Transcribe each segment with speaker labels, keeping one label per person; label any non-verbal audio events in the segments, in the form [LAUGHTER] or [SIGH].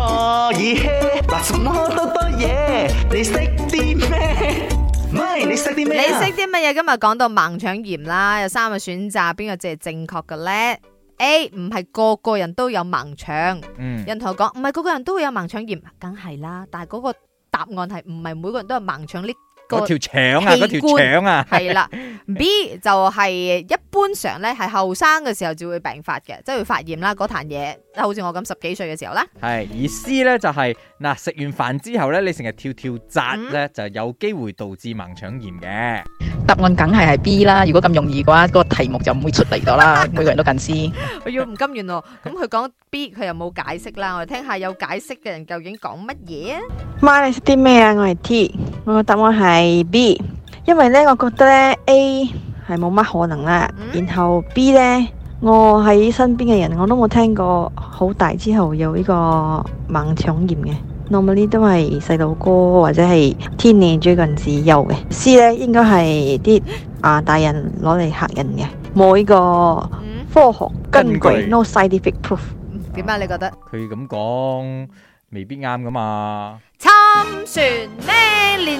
Speaker 1: 乜嘢？嗱、oh, yeah. yeah. you know，什麼都多嘢，你識啲咩？唔 [NOISE] 係，你
Speaker 2: 識啲咩？你識啲乜嘢？今日講到盲腸炎啦，有三個選擇，邊個先係正確嘅咧？A 唔係個個人都有盲腸。嗯，人同我講唔係個個人都會有盲腸炎，梗係啦。但係嗰個答案係唔係每個人都有盲腸呢？嗰條腸啊，嗰、那、條、個、腸啊，係啦。B 就係一般上咧，係後生嘅時候就會病發嘅，即係會發炎啦。嗰壇嘢，即係好似我咁十幾歲嘅時候咧。
Speaker 1: 係而 C 咧就係嗱，食完飯之後咧，你成日跳跳紮咧，就有機會導致盲腸炎嘅。
Speaker 2: 答案梗係係 B 啦。如果咁容易嘅話，嗰個題目就唔
Speaker 3: 會出嚟咗啦。每個人都近視。
Speaker 2: 哎喲，唔甘願喎。咁佢講 B，佢又冇解釋啦。我哋聽下有解釋嘅人究竟講乜嘢
Speaker 3: 啊？媽，你識啲咩啊？我係 T，我答案係 B。因為咧，我覺得咧，A 係冇乜可能啦。然後 B 咧，我喺身邊嘅人我都冇聽過好大之後有呢個盲腸炎嘅。normally 都係細路哥或者係 Teenie 最近至有嘅。C 咧應該係啲啊大人攞嚟嚇人嘅。冇呢個科學
Speaker 1: 根據，no
Speaker 3: scientific proof。點解？你覺得？佢
Speaker 1: 咁講未必啱噶嘛？
Speaker 2: 參選。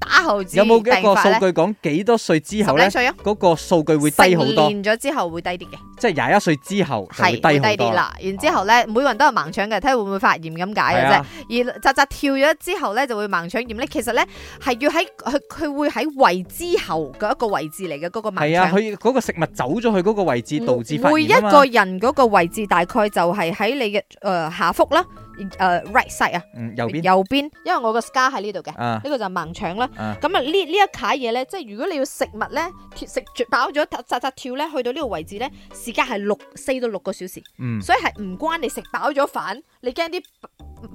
Speaker 2: 打後字有冇一個數據
Speaker 1: 講幾多歲之後咧？幾歲啊？嗰個數據會低好多。食
Speaker 2: 咗之後會低啲嘅。
Speaker 1: 即係廿一歲之後就會低好多啦。
Speaker 2: 啊、然之後咧，每個人都有盲腸嘅，睇下會唔會發炎咁解嘅啫。而扎扎是、啊、跳咗之後咧，就會盲腸炎咧。其實咧係要喺佢佢會喺胃之後嘅一個位置嚟嘅嗰個盲腸。係
Speaker 1: 啊，佢個食物走咗去嗰個位置導致發炎。每一個
Speaker 2: 人嗰個位置大概就係喺你嘅誒、呃、下腹啦。誒、uh, right side 啊、嗯，右邊，右邊，因為我個 scar 喺呢度嘅，呢、啊、個就盲腸啦。咁啊這這呢呢一卡嘢咧，即係如果你要食物咧，食住飽咗扎扎跳咧，去到呢個位置咧，時間係六四到六個小時，嗯、所以係唔關你食飽咗飯，你驚啲。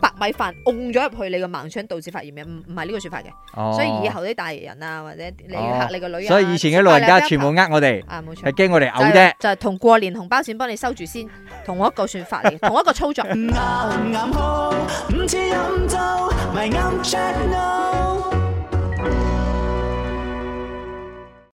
Speaker 2: 白米飯㧬咗入去你個盲腸導致發炎，唔唔係呢個說法嘅，哦、
Speaker 1: 所以以後
Speaker 2: 啲大人啊或者你吓你個女人、啊哦，所以以前嘅老人家全部呃我哋，係驚、啊、我哋嘔啫，就係、是、同過年紅包錢幫你收住先， [LAUGHS] 同我一個算法，同一個操作。唔 [LAUGHS]